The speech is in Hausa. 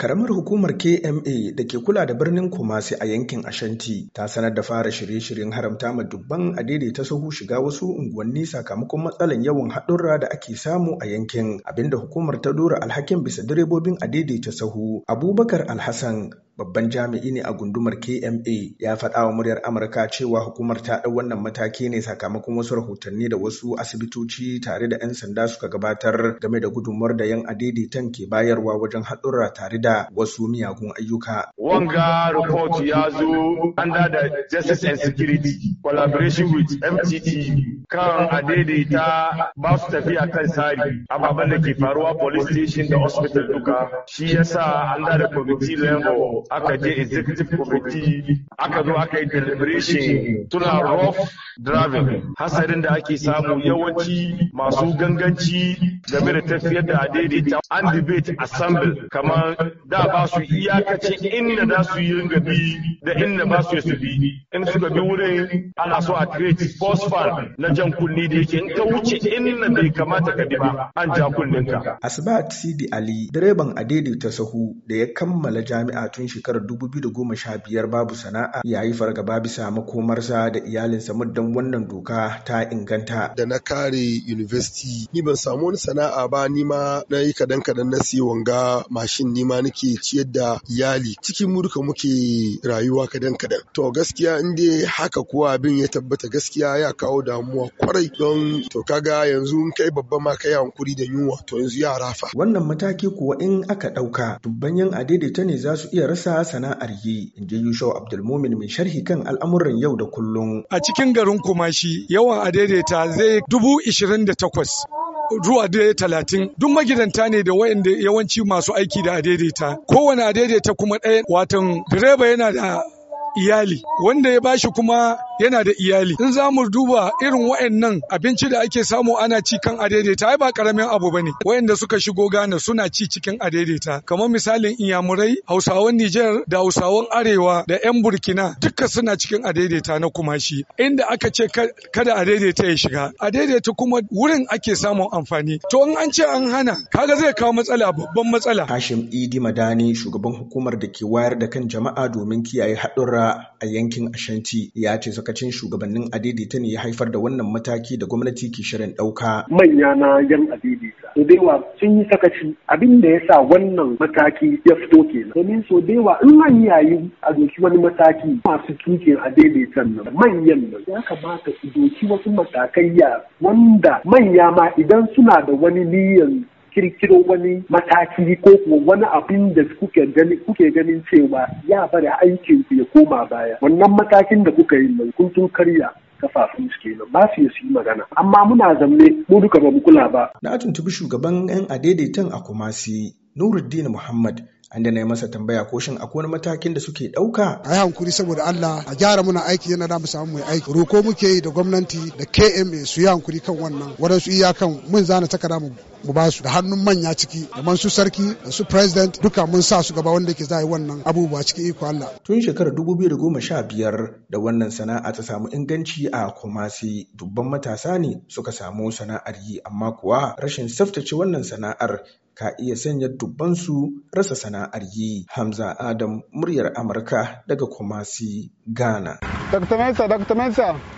Karamar hukumar KMA da ke kula da birnin Kumasi a yankin Ashanti ta sanar da fara shirye-shiryen haramta ma dubban a daidaita sahu shiga wasu unguwanni sakamakon matsalan yawan haɗurra da ake samu a yankin abinda hukumar ta dora alhakin bisa direbobin a daidaita sahu. Abubakar Alhassan babban jami'i ne a gundumar KMA ya faɗa wa muryar Amurka cewa hukumar ta ɗau wannan mataki ne sakamakon wasu rahotanni da wasu asibitoci tare da 'yan sanda suka gabatar game da gudunmuwar da yan tan ke bayarwa wajen haɗurra tare da wasu miyagun ayyuka. Wanga report ya zo under the Justice and Security collaboration with MTT kan adaidaita ba su tafiya kan sari ababen da ke faruwa police station da hospital duka shi yasa an da committee level aka je executive committee aka zo aka yi deliberation tuna rough driving hasarin da ake samu yawanci masu ganganci game da tafiyar da adaidaita an debate assemble kamar da ba su iyakaci inda za su yi ringa bi da inda ba su su bi in suka bi wurin ana so a create force fan na jan kunni da yake in ka wuce inda bai kamata ka bi ba an ja kunninka. asbat Sidi Ali direban adaidaita sahu da ya kammala jami'a tun shekarar 2015 babu sana'a ya yi fargaba bisa makomarsa da iyalinsa muddan wannan doka ta inganta. Da na kare university ni ban samu wani sana'a ba ni ma na yi kadan kadan na siya wanga mashin ni ma nake ciyar da iyali cikin murka muke rayuwa kadan kadan. To gaskiya in dai haka kuwa abin ya tabbata gaskiya ya kawo damuwa kwarai don to kaga yanzu in kai babba ma kai hankuri da yunwa to yanzu yara fa. Wannan mataki kuwa in aka ɗauka dubban yan adaidaita ne za su iya rasa sa sana'ar yi in ji Yushau Abdulmumin mai sharhi kan al'amuran yau da kullum. A cikin garin Kumashi yawan adaidaita zai dubu ishirin da takwas zuwa dai talatin duk magidanta ne da wayanda yawanci masu aiki da adaidaita kowane adaidaita kuma ɗaya watan direba yana da iyali wanda ya bashi kuma yana da iyali in za mu duba irin wa'annan abinci da ake samu ana ci kan adaidaita ai ba karamin abu bane wayanda suka shigo Ghana suna ci cikin adaidaita kamar misalin Iyamurai, Hausawan Nijar, da Hausawan Arewa da 'yan Burkina duka suna cikin adaidaita na kumashi inda aka ce kada adaidaita ya shiga adaidaita kuma wurin ake samun amfani to in an ce an hana kaga zai kawo matsala babban matsala Hashim Idi Madani shugaban hukumar da ke wayar da kan jama'a domin kiyaye haɗurra A a yankin Ashanti ya ce sakacin shugabannin adidita ne ya haifar da wannan mataki da gwamnati ke shirin ɗauka. Manya na yan adidita. So dewa sun yi sakaci abin da ya sa wannan mataki ya fito kenan. Domin so dewa in an yayi a doki wani mataki masu tukin adaidaitan nan manyan nan ya kamata su doki wasu matakai ya wanda manya ma idan suna da wani niyan kirkiro wani mataki ko kuma wani abin da kuke ganin cewa ya bari aikin ku ya koma baya wannan matakin da kuka yi mai kuntun karya kafafun su nan ba su yi magana amma muna zamne mu duka ba mu kula ba na tuntubi shugaban yan adaidaitan a kumasi Nuruddin Muhammad an da na yi masa tambaya ko shin akwai wani matakin da suke ɗauka. A yi hankuri saboda Allah a gyara muna aiki yana da mu samu mai aiki. Roko muke yi da gwamnati da KMA su yi hankuri kan wannan. Wadansu iyakan mun zana takarda mu mu ba su da hannun manya ciki man su sarki da su president duka mun sa su gaba wanda ke za yi wannan abubuwa cikin iko Allah. Tun shekarar sha biyar da wannan sana'a ta samu inganci a Kumasi dubban matasa ne suka samu sana'ar yi amma kuwa rashin tsaftace wannan sana'ar ka iya sanya dubban su rasa sana'ar yi. Hamza Adam muryar Amurka daga Kumasi, Ghana. Dr. Mensa, Dr. Mensa,